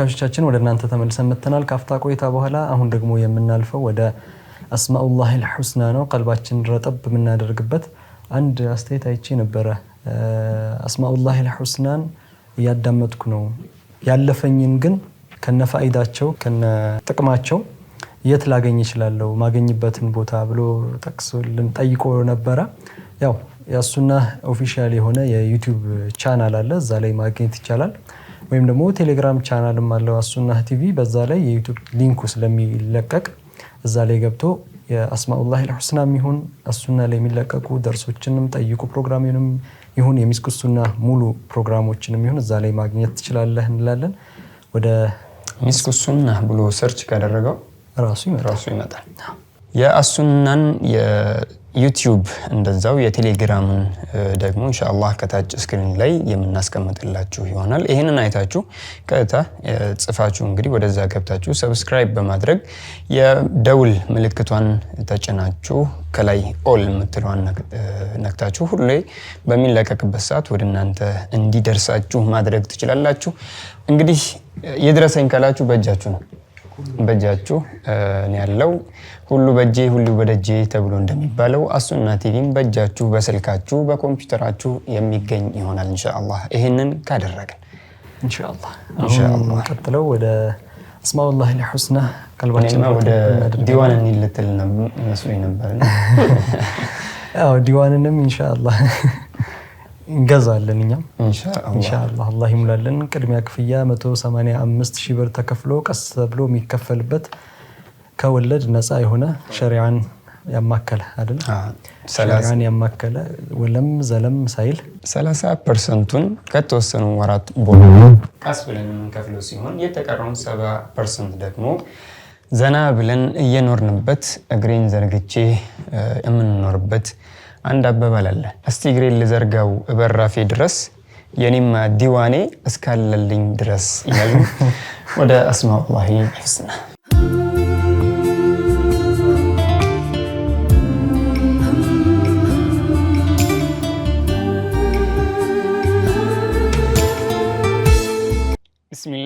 ተመልካቾቻችን ወደ እናንተ ተመልሰን መተናል ካፍታ ቆይታ በኋላ። አሁን ደግሞ የምናልፈው ወደ አስማኡላህ ልሑስና ነው። ቀልባችን ረጠብ የምናደርግበት አንድ አስተያየት አይቼ ነበረ። አስማኡላህ ልሑስናን እያዳመጥኩ ነው ያለፈኝን ግን ከነ ፋይዳቸው ከነ ጥቅማቸው የት ላገኝ ይችላለው ማገኝበትን ቦታ ብሎ ጠቅስ ልንጠይቆ ነበረ። ያው የሱና ኦፊሻል የሆነ የዩቲዩብ ቻናል አለ እዛ ላይ ማግኘት ይቻላል። ወይም ደግሞ ቴሌግራም ቻናልም አለው አሱና ቲቪ። በዛ ላይ የዩቱብ ሊንኩ ስለሚለቀቅ እዛ ላይ ገብቶ የአስማኡላህ ልሑስና የሚሆን አሱና ላይ የሚለቀቁ ደርሶችንም ጠይቁ ፕሮግራምንም ይሁን የሚስክሱና ሙሉ ፕሮግራሞችንም ይሁን እዛ ላይ ማግኘት ትችላለህ እንላለን። ወደ ሚስክሱና ብሎ ሰርች ካደረገው ራሱ ይመጣል። የአሱናን ዩቲዩብ እንደዛው የቴሌግራምን ደግሞ እንሻላ ከታች ስክሪን ላይ የምናስቀምጥላችሁ ይሆናል። ይህንን አይታችሁ ቀጥታ ጽፋችሁ እንግዲህ ወደዛ ገብታችሁ ሰብስክራይብ በማድረግ የደውል ምልክቷን ተጭናችሁ ከላይ ኦል የምትለዋን ነክታችሁ ሁሌ በሚለቀቅበት ሰዓት ወደ እናንተ እንዲደርሳችሁ ማድረግ ትችላላችሁ። እንግዲህ የድረሰኝ ካላችሁ በእጃችሁ ነው በእጃችሁ ያለው ሁሉ በእጄ ሁሉ በደጄ ተብሎ እንደሚባለው አሱና ቲቪም በእጃችሁ በስልካችሁ በኮምፒውተራችሁ የሚገኝ ይሆናል ኢንሻአላህ። ይህንን ካደረግን ቀጥለው ወደ አስማኡላህ ልሑስና ቀልባችን ወደ ዲዋን እንልትል መስሎኝ ነበር። ዲዋንንም እንሻላ እንገዛለን እኛም እንሻላ አላህ ይሙላለን ቅድሚያ ክፍያ 185 ሺህ ብር ተከፍሎ ቀስ ብሎ የሚከፈልበት ከወለድ ነፃ የሆነ ሸሪዓን ያማከለ አይደል? ሸሪዓን ያማከለ ወለም ዘለም ሳይል ሰላሳ ፐርሰንቱን ከተወሰኑ ወራት በኋላ ቀስ ብለን የምንከፍለው ሲሆን የተቀረውን ሰባ ፐርሰንት ደግሞ ዘና ብለን እየኖርንበት እግሬን ዘርግቼ የምንኖርበት አንድ አባባል አለ። እስቲ እግሬን ልዘርጋው በራፌ ድረስ የኔማ ዲዋኔ እስካለልኝ ድረስ እያሉ ወደ አስማኡላሂ ሑስና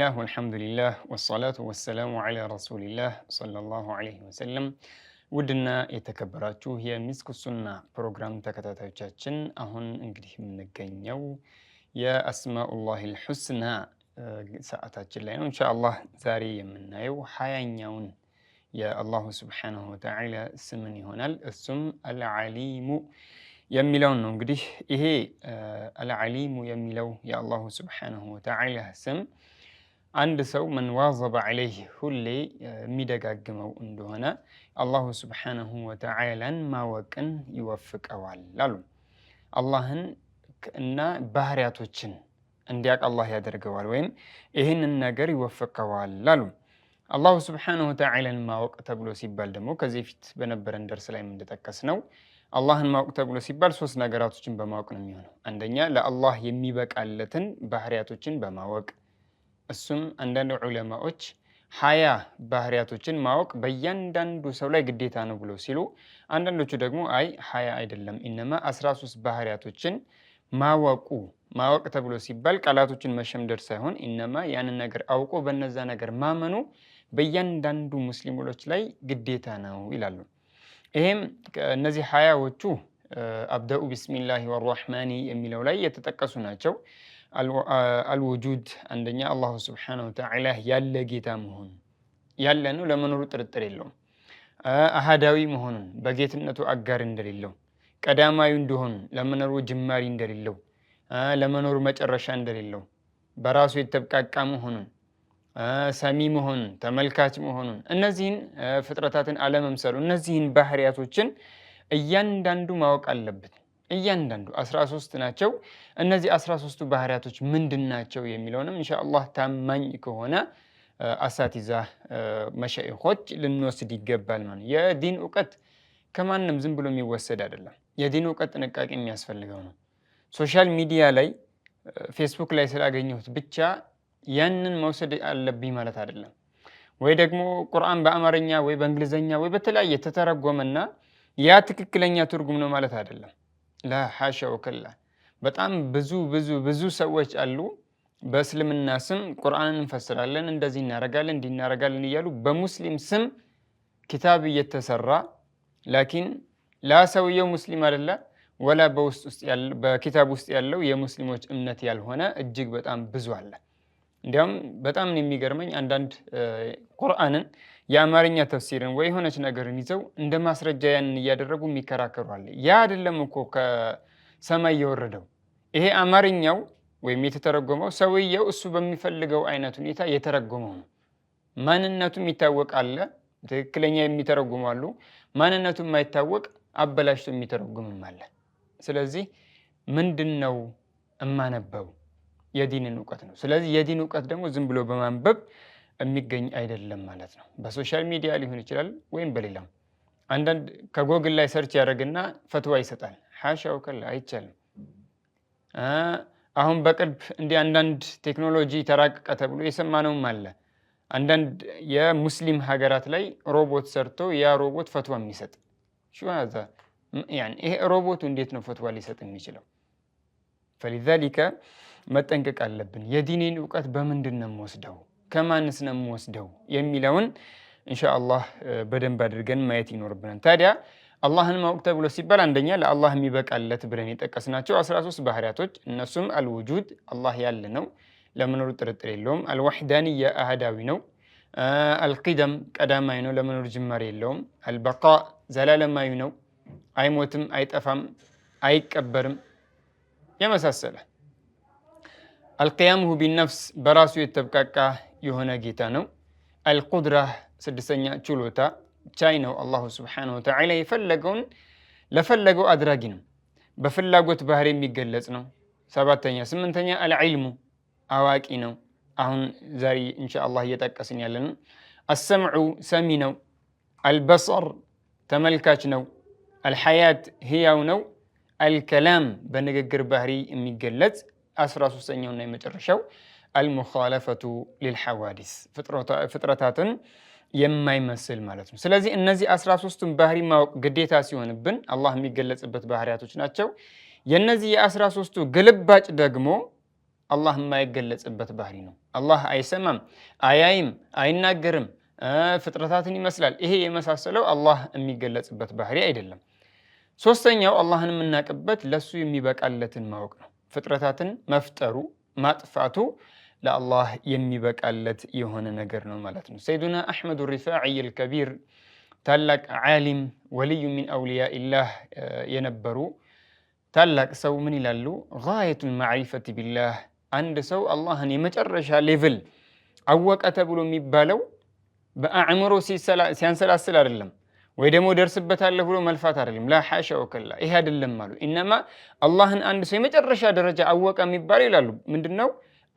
ቢስሚላህ ወልሐምዱሊላህ ወሰላቱ ወሰላሙ ዓላ ረሱሊላህ ሰለላሁ ዐለይሂ ወሰለም። ውድና የተከበራችሁ የሚስኩ ሱና ፕሮግራም ተከታታዮቻችን አሁን እንግዲህ የምንገኘው የአስማኡላሂል ሑስና ሰዓታችን ላይ ነው። እንሻአላህ ዛሬ የምናየው ሀያኛውን የአላሁ ስብሓነሁ ወተዓላ ስምን ይሆናል። እሱም አልዓሊሙ የሚለውን ነው። እንግዲህ ይሄ አልዓሊሙ የሚለው የአላሁ ስብሓነሁ ወተዓላ ስም አንድ ሰው መን ዋዘበ ዐለይህ ሁሌ የሚደጋግመው እንደሆነ አላሁ ስብሓነሁ ወተዓላን ማወቅን ይወፍቀዋል አሉ። አላህን እና ባህሪያቶችን እንዲያቅ አላህ ያደርገዋል ወይም ይህንን ነገር ይወፍቀዋል አሉ። አላሁ ስብሓነሁ ወተዓላን ማወቅ ተብሎ ሲባል ደግሞ ከዚህ ፊት በነበረን ደርስ ላይ እንደጠቀስ ነው አላህን ማወቅ ተብሎ ሲባል ሶስት ነገራቶችን በማወቅ ነው የሚሆነው። አንደኛ ለአላህ የሚበቃለትን ባህሪያቶችን በማወቅ እሱም አንዳንድ ዑለማዎች ሀያ ባህሪያቶችን ማወቅ በእያንዳንዱ ሰው ላይ ግዴታ ነው ብሎ ሲሉ፣ አንዳንዶቹ ደግሞ አይ ሀያ አይደለም ኢነማ አስራ ሶስት ባህሪያቶችን ማወቁ ማወቅ ተብሎ ሲባል ቃላቶችን መሸምደር ሳይሆን ኢነማ ያንን ነገር አውቆ በነዛ ነገር ማመኑ በእያንዳንዱ ሙስሊሞች ላይ ግዴታ ነው ይላሉ። ይህም እነዚህ ሀያዎቹ አብደኡ ቢስሚላሂ ወራሕማኒ የሚለው ላይ የተጠቀሱ ናቸው። አልውጁድ አንደኛ አላሁ ስብሓነሁ ወተዓላ ያለ ጌታ መሆኑ ያለ ነው፣ ለመኖሩ ጥርጥር የለውም። አህዳዊ መሆኑን በጌትነቱ አጋር እንደሌለው፣ ቀዳማዊ እንደሆኑ ለመኖሩ ጅማሪ እንደሌለው፣ ለመኖሩ መጨረሻ እንደሌለው፣ በራሱ የተብቃቃ መሆኑን፣ ሰሚ መሆኑን፣ ተመልካች መሆኑን፣ እነዚህን ፍጥረታትን አለመምሰሉ፣ እነዚህን ባህሪያቶችን እያንዳንዱ ማወቅ አለበት። እያንዳንዱ 13 ናቸው። እነዚህ 13ቱ ባህሪያቶች ምንድን ናቸው የሚለውንም እንሻላ ታማኝ ከሆነ አሳቲዛ መሻይኾች ልንወስድ ይገባል። ማለት የዲን እውቀት ከማንም ዝም ብሎ የሚወሰድ አይደለም። የዲን እውቀት ጥንቃቄ የሚያስፈልገው ነው። ሶሻል ሚዲያ ላይ ፌስቡክ ላይ ስላገኘሁት ብቻ ያንን መውሰድ አለብኝ ማለት አይደለም። ወይ ደግሞ ቁርአን በአማርኛ ወይ በእንግሊዝኛ ወይ በተለያየ ተተረጎመና ያ ትክክለኛ ትርጉም ነው ማለት አይደለም። ለሐሸው ክላ በጣም ብዙ ብዙ ብዙ ሰዎች አሉ። በእስልምና ስም ቁርአንን እንፈስራለን፣ እንደዚህ እናረጋለን፣ እንዲህ እናረጋለን እያሉ በሙስሊም ስም ኪታብ እየተሰራ ላኪን ላ ሰውየው ሙስሊም አደለ ወላ በኪታብ ውስጥ ያለው የሙስሊሞች እምነት ያልሆነ እጅግ በጣም ብዙ አለ። እንዲያውም በጣም የሚገርመኝ አንዳንድ ቁርአንን የአማርኛ ተፍሲርን ወይ የሆነች ነገርን ይዘው እንደ ማስረጃ ያንን እያደረጉ የሚከራከሩ አለ። ያ አይደለም እኮ ከሰማይ የወረደው ይሄ አማርኛው ወይም የተተረጎመው ሰውየው እሱ በሚፈልገው አይነት ሁኔታ የተረጎመው ነው። ማንነቱም ይታወቅ አለ፣ ትክክለኛ የሚተረጉሙ አሉ። ማንነቱ የማይታወቅ አበላሽቶ የሚተረጉምም አለ። ስለዚህ ምንድን ነው እማነበው? የዲንን እውቀት ነው። ስለዚህ የዲን እውቀት ደግሞ ዝም ብሎ በማንበብ የሚገኝ አይደለም ማለት ነው። በሶሻል ሚዲያ ሊሆን ይችላል ወይም በሌላም አንዳንድ ከጎግል ላይ ሰርች ያደረግና ፈትዋ ይሰጣል። ሐሻው ከላ አይቻልም። አሁን በቅርብ እንዲህ አንዳንድ ቴክኖሎጂ ተራቀቀ ተብሎ የሰማነውም አለ። አንዳንድ የሙስሊም ሀገራት ላይ ሮቦት ሰርቶ ያ ሮቦት ፈትዋ የሚሰጥ ይሄ ሮቦቱ እንዴት ነው ፈትዋ ሊሰጥ የሚችለው? ፈሊዛሊከ መጠንቀቅ አለብን። የዲኔን እውቀት በምንድን ነው የምወስደው? ከማንስ ነው የምወስደው የሚለውን እንሻአላህ በደንብ አድርገን ማየት ይኖርብናል። ታዲያ አላህን ማወቅ ተብሎ ሲባል አንደኛ ለአላህ የሚበቃለት ብለን የጠቀስናቸው 13 ባህሪያቶች እነሱም አልውጁድ አላህ ያለ ነው፣ ለመኖሩ ጥርጥር የለውም። አልዋሕዳንያ አህዳዊ ነው። አልቂደም ቀዳማዊ ነው፣ ለመኖር ጅማሬ የለውም። አልበቃ ዘላለማዊ ነው፣ አይሞትም፣ አይጠፋም፣ አይቀበርም የመሳሰለ አልቅያምሁ ቢነፍስ በራሱ የተብቃቃ የሆነ ጌታ ነው። አልቁድራህ ስድስተኛ ችሎታ ቻይ ነው። አላሁ ስብሓነሁ ወተዓላ የፈለገውን ለፈለገው አድራጊ ነው። በፍላጎት ባህሪ የሚገለጽ ነው። ሰባተኛ ስምንተኛ አልዕልሙ አዋቂ ነው። አሁን ዛሬ እንሻአላህ እየጠቀስን ያለን አሰምዑ ሰሚ ነው። አልበሰር ተመልካች ነው። አልሐያት ህያው ነው። አልከላም በንግግር ባህሪ የሚገለጽ አስራ ሶስተኛውና የመጨረሻው አልሙኻለፈቱ ሊልሐዋዲስ ፍጥረታትን የማይመስል ማለት ነው። ስለዚህ እነዚህ አስራ ሶስቱን ባህሪ ማወቅ ግዴታ ሲሆንብን አላህ የሚገለጽበት ባህሪያቶች ናቸው። የእነዚህ የአስራ ሶስቱ ግልባጭ ደግሞ አላህ የማይገለጽበት ባህሪ ነው። አላህ አይሰማም፣ አያይም፣ አይናገርም፣ ፍጥረታትን ይመስላል። ይሄ የመሳሰለው አላህ የሚገለጽበት ባህሪ አይደለም። ሶስተኛው አላህን የምናውቅበት ለሱ የሚበቃለትን ማወቅ ነው። ፍጥረታትን መፍጠሩ ማጥፋቱ ለአላህ የሚበቃለት የሆነ ነገር ነው ማለት ነው። ሰይዱና አሕመዱ ሪፋዒ አልከቢር ታላቅ ዓሊም ወልዩ ሚን አውልያ ኢላህ የነበሩ ታላቅ ሰው ምን ይላሉ? ጋየቱል ማዕሪፈት ቢላህ አንድ ሰው አላህን የመጨረሻ ሌቭል አወቀ ተብሎ የሚባለው በአዕምሮ ሲያንሰላስል አይደለም፣ ወይ ደግሞ ደርስበታለሁ ብሎ መልፋት አይደለም። ላ ሓሻ ወከላ ይሄ አይደለም አሉ። ኢነማ አላህን አንድ ሰው የመጨረሻ ደረጃ አወቀ የሚባለው ይላሉ ነው?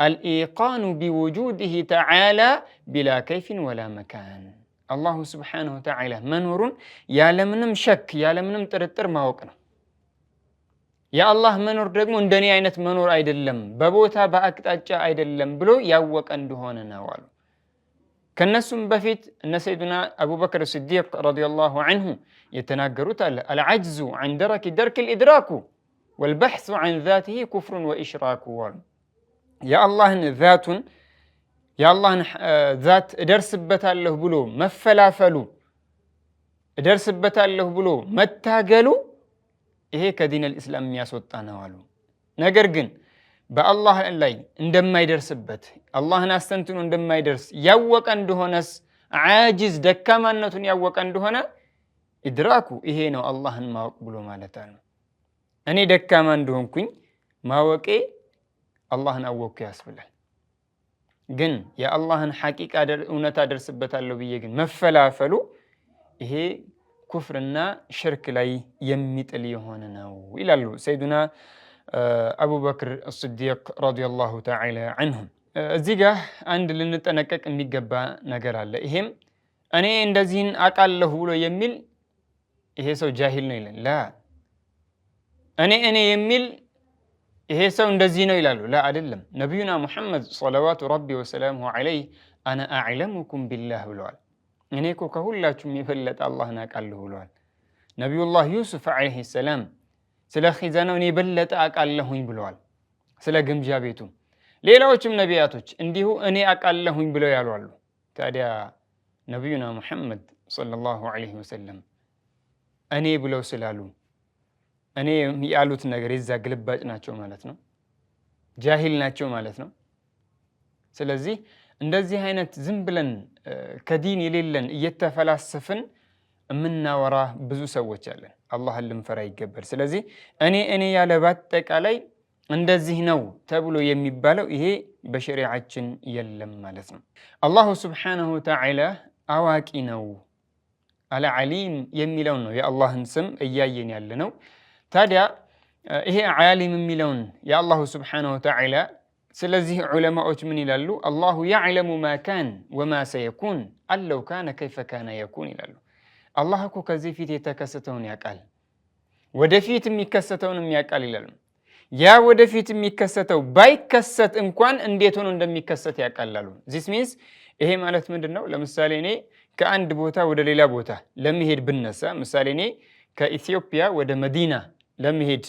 አልኢቃኑ ቢውጁድህ ተዓላ ቢላ ከይፍን ወላ መካን አላሁ ስብሓነሁ ወተዓላ መኖሩን ያለምንም ሸክ ያለምንም ጥርጥር ማወቅ ነው። የአላህ መኖር ደግሞ እንደኔ አይነት መኖር አይደለም፣ በቦታ በአቅጣጫ አይደለም ብሎ ያወቀ እንደሆነ ነው አሉ። ከነሱም በፊት እነ ሰይዱና አቡበክር ስዲቅ ረዲየላሁ አንሁ የተናገሩት አለ አልዓጅዙ ዐን ደረኪ ደርክ ልኢድራኩ ወልበሕሱ ዐን ዛቲሂ ኩፍሩን ወኢሽራኩ አሉ። የአላህን ዛቱን የአላህን ዛት እደርስበታለሁ ብሎ መፈላፈሉ እደርስበታለሁ ብሎ መታገሉ ይሄ ከዲነል ኢስላም የሚያስወጣ ነው አሉ። ነገር ግን በአላህ ላይ እንደማይደርስበት አላህን አስተንትኖ እንደማይደርስ ያወቀ እንደሆነስ አጅዝ ደካማነቱን ያወቀ እንደሆነ ኢድራኩ ይሄ ነው አላህን ማወቅ ብሎ ማለት ነው። እኔ ደካማ እንደሆንኩኝ ማወቄ አላህን አወቅኩ ያስብላል። ግን የአላህን ሐቂቃ እውነት አደርስበታለሁ ብዬ ግን መፈላፈሉ ይሄ ኩፍርና ሽርክ ላይ የሚጥል የሆነ ነው ይላሉ ሰይዱና አቡበክር ስዲቅ ረዲየላሁ ተዓላ አንሁም። እዚህ ጋ አንድ ልንጠነቀቅ የሚገባ ነገር አለ። ይሄም እኔ እንደዚህን አቃለሁ ብሎ የሚል ይሄ ሰው ጃሂል ነው ይለን ላ እኔ እኔ የሚል ይሄ ሰው እንደዚህ ነው ይላሉ። ላ አይደለም። ነቢዩና ሙሐመድ ሰለዋቱ ረቢ ወሰላሙ ዓለይህ አነ አዕለሙኩም ቢላህ ብለዋል። እኔ እኮ ከሁላችሁም የበለጠ አላህን አውቃለሁ ብለዋል። ነቢዩላህ ዩሱፍ ዐለይሂ ሰላም ስለ ኺዛናው እኔ የበለጠ አውቃለሁኝ ብለዋል። ስለ ግምጃ ቤቱ ሌላዎችም ነቢያቶች እንዲሁ እኔ አውቃለሁኝ ብለው ያሏሉ። ታዲያ ነቢዩና ሙሐመድ ሰለላሁ ዐለይሂ ወሰለም እኔ ብለው ስላሉ እኔ ያሉት ነገር የዛ ግልባጭ ናቸው ማለት ነው። ጃሂል ናቸው ማለት ነው። ስለዚህ እንደዚህ አይነት ዝም ብለን ከዲን የሌለን እየተፈላሰፍን የምናወራ ብዙ ሰዎች አለን። አላህን ልንፈራ ይገባል። ስለዚህ እኔ እኔ ያለ በአጠቃላይ እንደዚህ ነው ተብሎ የሚባለው ይሄ በሸሪዓችን የለም ማለት ነው። አላሁ ስብሓነሁ ወተዓላ አዋቂ ነው። አልዓሊም የሚለው ነው የአላህን ስም እያየን ያለ ነው። ታዲያ ይሄ ዓሊም የሚለውን የአላሁ ስብሓነሁ ወተዓላ ስለዚህ ዑለማዎች ምን ይላሉ? አላሁ ያዕለሙ ማ ካን ወማ ሰየኩን አለው ካነ ከይፈ ካነ የኩን ይላሉ። አላህ እኮ ከዚህ ፊት የተከሰተውን ያውቃል፣ ወደፊት የሚከሰተውን ያውቃል ይላሉ። ያ ወደፊት የሚከሰተው ባይከሰት እንኳን እንዴት ሆኖ እንደሚከሰት ያውቃላሉ። ዚስ ሚንስ ይሄ ማለት ምንድን ነው? ለምሳሌ እኔ ከአንድ ቦታ ወደ ሌላ ቦታ ለመሄድ ብነሳ፣ ምሳሌ እኔ ከኢትዮጵያ ወደ መዲና ለመሄድ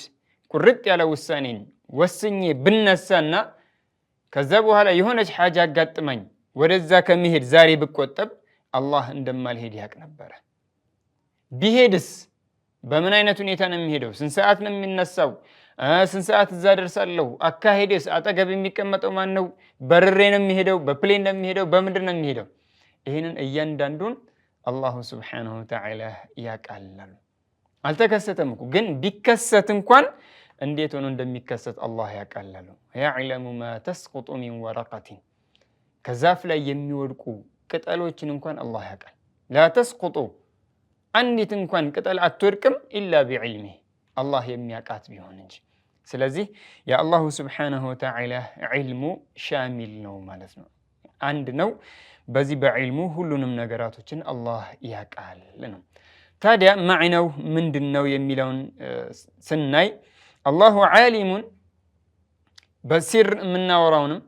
ቁርጥ ያለ ውሳኔን ወስኜ ብነሳና ከዛ በኋላ የሆነች ሓጅ አጋጥመኝ ወደዛ ከመሄድ ዛሬ ብቆጠብ አላህ እንደማልሄድ ያቅ ነበረ። ቢሄድስ በምን አይነት ሁኔታ ነው የሚሄደው? ስንት ሰዓት ነው የሚነሳው? ስንት ሰዓት እዛ ደርሳለሁ? አካሄድስ? አጠገብ የሚቀመጠው ማን ነው? በርሬ ነው የሚሄደው? በፕሌን ነው የሚሄደው? በምድር ነው የሚሄደው? ይህንን እያንዳንዱን አላሁ ስብሓነሁ ወተዓላ ያቃላል። አልተከሰተም እኮ ግን ቢከሰት እንኳን እንዴት ሆኖ እንደሚከሰት አላህ ያውቃል። ያዕለሙ ማ ተስቁጡ ሚን ወረቀቲን ከዛፍ ላይ የሚወድቁ ቅጠሎችን እንኳን አላህ ያውቃል። ላ ተስቁጡ አንዲት እንኳን ቅጠል አትወድቅም ኢላ ቢዕልሚ አላህ የሚያውቃት ቢሆን እንጂ። ስለዚህ የአላሁ ስብሓነሁ ወተዓላ ዒልሙ ሻሚል ነው ማለት ነው፣ አንድ ነው። በዚህ በዒልሙ ሁሉንም ነገራቶችን አላህ ያውቃል ነው። ታዲያ ማዕነው ምንድን ነው የሚለውን ስናይ አላሁ ዓሊሙን በሲር የምናወራውንም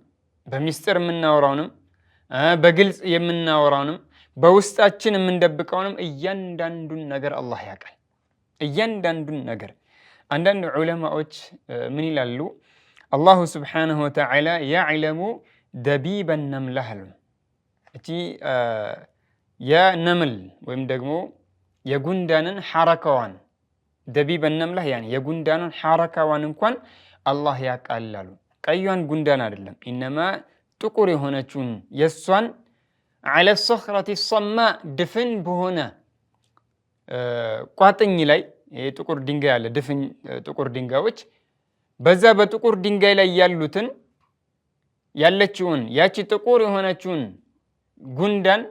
በሚስጥር የምናወራውንም በግልጽ የምናወራውንም በውስጣችን የምንደብቀውንም እያንዳንዱን ነገር አላህ ያውቃል። እያንዳንዱን ነገር አንዳንድ ዑለማዎች ምን ይላሉ? አላሁ ስብሓነሁ ወተዓላ ያዕለሙ ደቢበ ነምላህ አሉ። እቲ የነምል ወይም ደግሞ የጉንዳንን ሐረካዋን ደቢበ ነምላህ ያ የጉንዳንን ሐረካዋን እንኳን አላህ ያቃላሉ። ቀዩን ጉንዳን አይደለም፣ ኢነማ ጥቁር የሆነችውን የእሷን አለ ሶኽረቲ ሰማ ድፍን በሆነ ቋጥኝ ላይ ጥቁር ድንጋይ አለ፣ ድፍን ጥቁር ድንጋዮች በዛ በጥቁር ድንጋይ ላይ ያሉትን ያለችውን ያቺ ጥቁር የሆነችውን ጉንዳን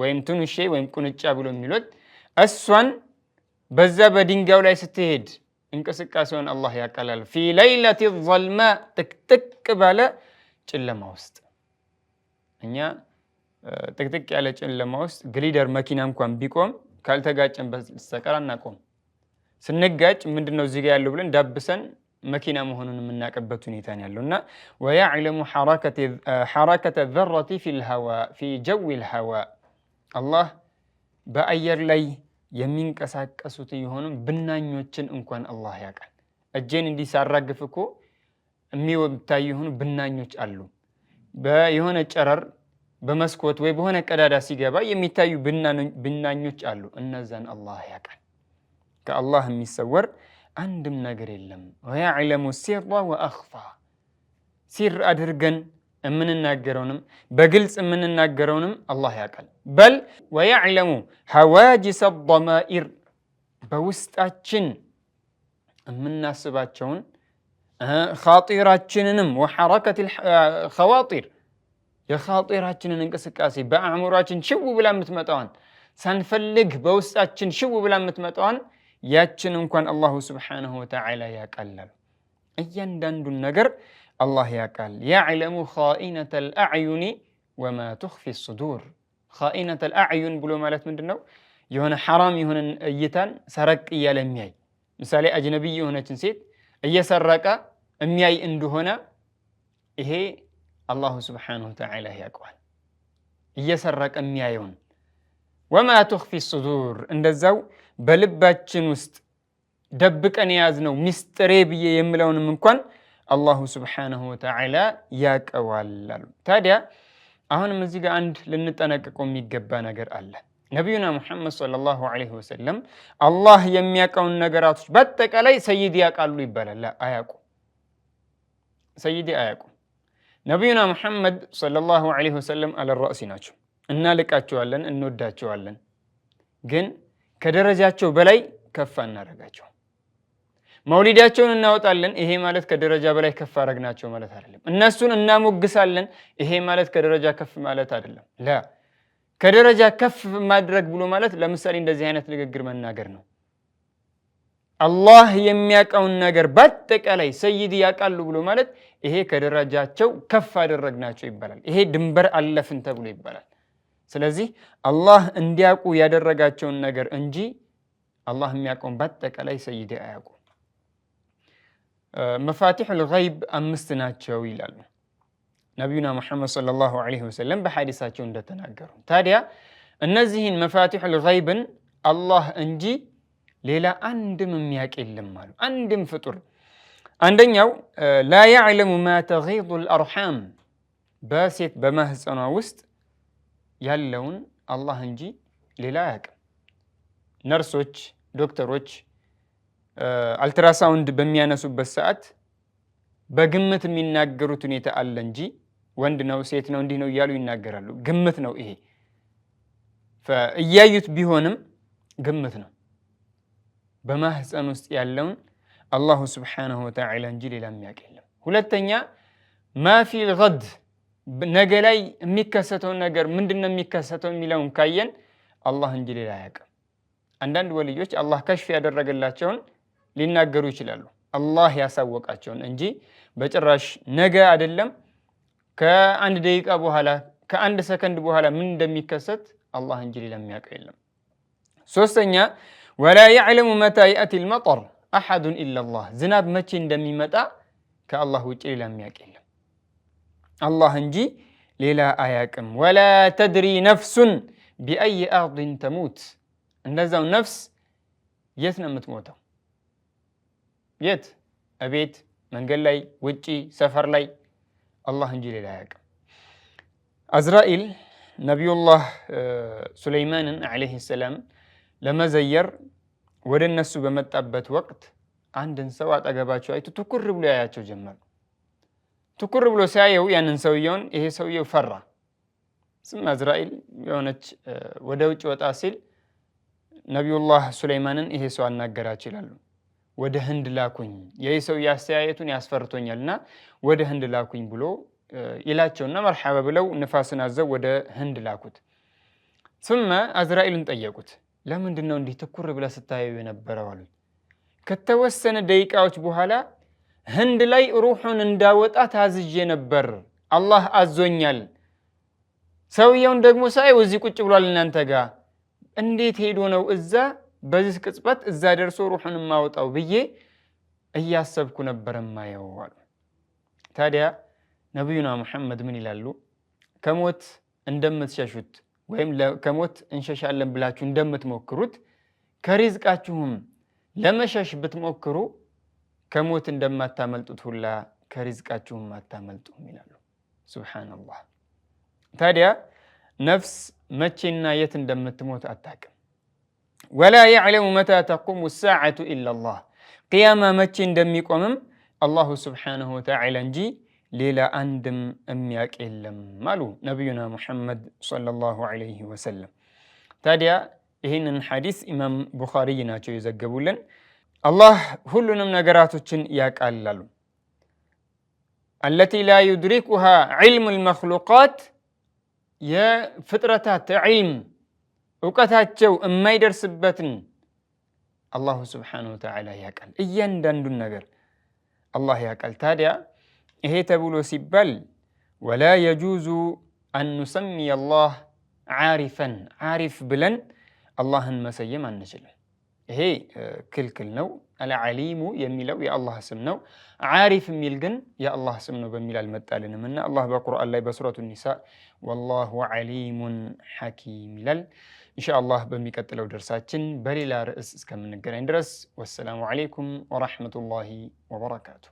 ወይም ትንሽ ወይም ቁንጫ ብሎ የሚሉት እሷን በዛ በድንጋዩ ላይ ስትሄድ እንቅስቃሴውን አላህ ያቀላል። ፊ ለይለት ዘልማ ጥቅጥቅ ባለ ጨለማ ውስጥ እኛ ጥቅጥቅ ያለ ጨለማ ውስጥ ግሊደር መኪና እንኳን ቢቆም ካልተጋጨን በስተቀር አናቆም። ስንጋጭ ምንድነው እዚህ ጋ ያለው ብለን ዳብሰን መኪና መሆኑን የምናውቅበት ሁኔታ ነው ያለው እና ወያዕለሙ ሐረከተ ዘረቲ ፊ ጀዊ ልሀዋ አላህ በአየር ላይ የሚንቀሳቀሱት የሆኑም ብናኞችን እንኳን አላህ ያውቃል። እጄን እንዲህ ሳራግፍ እኮ የሚታይ የሆኑ ብናኞች አሉ። የሆነ ጨረር በመስኮት ወይ በሆነ ቀዳዳ ሲገባ የሚታዩ ብናኞች አሉ። እነዛን አላህ ያውቃል። ከአላህ የሚሰወር አንድም ነገር የለም። ወያዕለሙ ሲራ ወአኽፋ ሲር አድርገን የምንናገረውንም በግልጽ የምንናገረውንም አላህ ያውቃል። በል ወያዕለሙ ሐዋጅሰ ዶማኢር በውስጣችን የምናስባቸውን ኻጢራችንንም ወሐረከት ኸዋጢር የኻጢራችንን እንቅስቃሴ በአእምሯችን ሽው ብላ የምትመጣዋን ሳንፈልግ በውስጣችን ሽው ብላ የምትመጣዋን ያችን እንኳን አላሁ ስብሓነሁ ወተዓላ ያውቃል። እያንዳንዱን ነገር አላህ ያውቃል። ያዕለሙ ኻኢነተል አዕዩኒ ወማ ቱኽፊ ሱዱር። ኻኢነተል አዕዩን ብሎ ማለት ምንድን ነው? የሆነ ሐራም የሆነ እይታን ሰረቅ እያለ የሚያይ ምሳሌ አጅነቢ የሆነችን ሴት እየሰረቀ የሚያይ እንደሆነ ይሄ አላሁ ስብሓነሁ ወተዓላ ያውቀዋል። እየሰረቀ የሚያየውን ወማ ቱኽፊ ሱዱር እንደዛው በልባችን ውስጥ ደብቀን የያዝነው ሚስጥሬ ብዬ የምለውንም እንኳን አላሁ ስብሓነሁ ወተዓላ ያቀዋል ታዲያ አሁንም እዚህ ጋር አንድ ልንጠነቀቀው የሚገባ ነገር አለ። ነቢዩና ሙሐመድ ሰለላሁ ዐለይሂ ወሰለም አላህ የሚያውቀውን ነገራቶች በአጠቃላይ ሰይድ ያውቃሉ ይባላል። አያውቁ ሰይድ አያውቁ። ነቢዩና ሙሐመድ ሰለላሁ ዐለይሂ ወሰለም አለራእሲ ናቸው። እናልቃቸዋለን፣ እንወዳቸዋለን። ግን ከደረጃቸው በላይ ከፍ አናደርጋቸው መውሊዳቸውን እናወጣለን። ይሄ ማለት ከደረጃ በላይ ከፍ አረግናቸው ማለት አይደለም። እነሱን እናሞግሳለን። ይሄ ማለት ከደረጃ ከፍ ማለት አይደለም። ላ ከደረጃ ከፍ ማድረግ ብሎ ማለት ለምሳሌ እንደዚህ አይነት ንግግር መናገር ነው። አላህ የሚያውቀውን ነገር በአጠቃላይ ሰይድ ያውቃሉ ብሎ ማለት ይሄ ከደረጃቸው ከፍ አደረግናቸው ይባላል። ይሄ ድንበር አለፍን ተብሎ ይባላል። ስለዚህ አላህ እንዲያውቁ ያደረጋቸውን ነገር እንጂ አላህ የሚያውቀውን በአጠቃላይ ሰይድ አያውቁ መፋቲሑል ገይብ አምስት ናቸው ይላሉ ነቢዩና ሙሐመድ ሰለላሁ ዐለይሂ ወሰለም በሐዲሳቸው እንደተናገሩ። ታዲያ እነዚህን መፋቲሑል ገይብን አላህ እንጂ ሌላ አንድም የሚያቅ የለም አሉ። አንድም ፍጡር አንደኛው ላ ያዕለሙ ማ ተጊዱል አርሓም በሴት በማህፀኗ ውስጥ ያለውን አላህ እንጂ ሌላ አያቅም። ነርሶች፣ ዶክተሮች አልትራሳውንድ በሚያነሱበት ሰዓት በግምት የሚናገሩት ሁኔታ አለ እንጂ ወንድ ነው ሴት ነው እንዲህ ነው እያሉ ይናገራሉ። ግምት ነው ይሄ። እያዩት ቢሆንም ግምት ነው። በማህፀን ውስጥ ያለውን አላሁ ስብሓነሁ ወተዓላ እንጂ ሌላ የሚያውቅ የለም። ሁለተኛ ማፊ ልቀድ ነገ ላይ የሚከሰተውን ነገር ምንድነው የሚከሰተው የሚለውን ካየን አላህ እንጂ ሌላ አያውቅም። አንዳንድ ወልዮች አላህ ከሽፍ ያደረገላቸውን ሊናገሩ ይችላሉ። አላህ ያሳወቃቸውን እንጂ በጭራሽ ነገ አይደለም ከአንድ ደቂቃ በኋላ ከአንድ ሰከንድ በኋላ ምን እንደሚከሰት አላህ እንጂ ሌላ የሚያውቀው የለም። ሶስተኛ ወላ ያዕለሙ መታ የእቲ ልመጠር አሐዱን ኢላላህ ዝናብ መቼ እንደሚመጣ ከአላህ ውጭ ሌላ የሚያውቅ የለም። አላህ እንጂ ሌላ አያቅም ወላ ተድሪ ነፍሱን ቢአይ አርድን ተሙት እንደዛው ነፍስ የት ነው የምትሞተው የት? እቤት፣ መንገድ ላይ፣ ውጪ፣ ሰፈር ላይ አላህ እንጂ ሌላ አያውቅም። አዝራኢል ነቢዩላህ ሱለይማንን ዓለይሂ ሰላም ለመዘየር ወደ እነሱ በመጣበት ወቅት አንድን ሰው አጠገባቸው አይቶ ትኩር ብሎ ያያቸው ጀመር። ትኩር ብሎ ሲያየው ያንን ሰውየውን ይሄ ሰውየው ፈራ። ስም አዝራኢል የሆነች ወደ ውጭ ወጣ ሲል ነቢዩላህ ሱለይማንን ይሄ ሰው አናገራቸው ይላሉ። ወደ ህንድ ላኩኝ። ይህ ሰው አስተያየቱን ያስፈርቶኛል ወደ ህንድ ላኩኝ ብሎ ይላቸውና መርሓባ ብለው ንፋስን አዘው ወደ ህንድ ላኩት። ስመ አዝራኤልን ጠየቁት። ለምንድን ነው እንዲህ ትኩር ብለ ስታየው የነበረው አሉ። ከተወሰነ ደቂቃዎች በኋላ ህንድ ላይ ሩሑን እንዳወጣ ታዝዤ ነበር፣ አላህ አዞኛል። ሰውየውን ደግሞ ሳይ እዚህ ቁጭ ብሏል እናንተ ጋር እንዴት ሄዶ ነው እዛ በዚህ ቅጽበት እዛ ደርሶ ሩሑን የማወጣው ብዬ እያሰብኩ ነበር ማየው አሉ። ታዲያ ነቢዩና ሙሐመድ ምን ይላሉ? ከሞት እንደምትሸሹት ወይም ከሞት እንሸሻለን ብላችሁ እንደምትሞክሩት ከሪዝቃችሁም ለመሸሽ ብትሞክሩ ከሞት እንደማታመልጡት ሁላ ከሪዝቃችሁም አታመልጡም ይላሉ። ሱብሓነላህ። ታዲያ ነፍስ መቼና የት እንደምትሞት አታውቅም። ወላ የዕለሙ መታ ተቁሙ ሰዓቱ ኢላላህ ቅያማ መቼ እንደሚቆምም አላሁ ስብሓነሁ ወተዓላ እንጂ ሌላ አንድም የሚያቅ የለም አሉ ነቢዩና ሙሐመድ ሰለላሁ ዓለይሂ ወሰለም። ታዲያ ይህንን ሐዲስ ኢማም ቡኻሪይ ናቸው የዘገቡልን። አላህ ሁሉንም ነገራቶችን ያቃላሉ። አለቲ ላ ዩድሪኩሃ ዒልሙ ልመክሉቃት የፍጥረታት ዒልም እውቀታቸው የማይደርስበትን አላሁ ስብሓነሁ ወተዓላ ያውቃል። እያንዳንዱን ነገር አላህ ያውቃል። ታዲያ ይሄ ተብሎ ሲባል ወላ የጁዙ አን ኑሰሚየ አላህ ዓሪፈን ዓሪፍ ብለን አላህን መሰየም አንችልም። ይሄ ክልክል ነው። አልዓሊሙ የሚለው የአላህ ስም ነው። ዓሪፍ የሚል ግን የአላህ ስም ነው በሚል አልመጣልንም እና አላህ በቁርአን ላይ በሱረቱ ኒሳ ወላሁ ዓሊሙን ሐኪም ይላል። ኢንሻአላህ በሚቀጥለው ደርሳችን በሌላ ርዕስ እስከምንገናኝ ድረስ ወሰላሙ አሌይኩም ወራህመቱላሂ ወበረካቱ።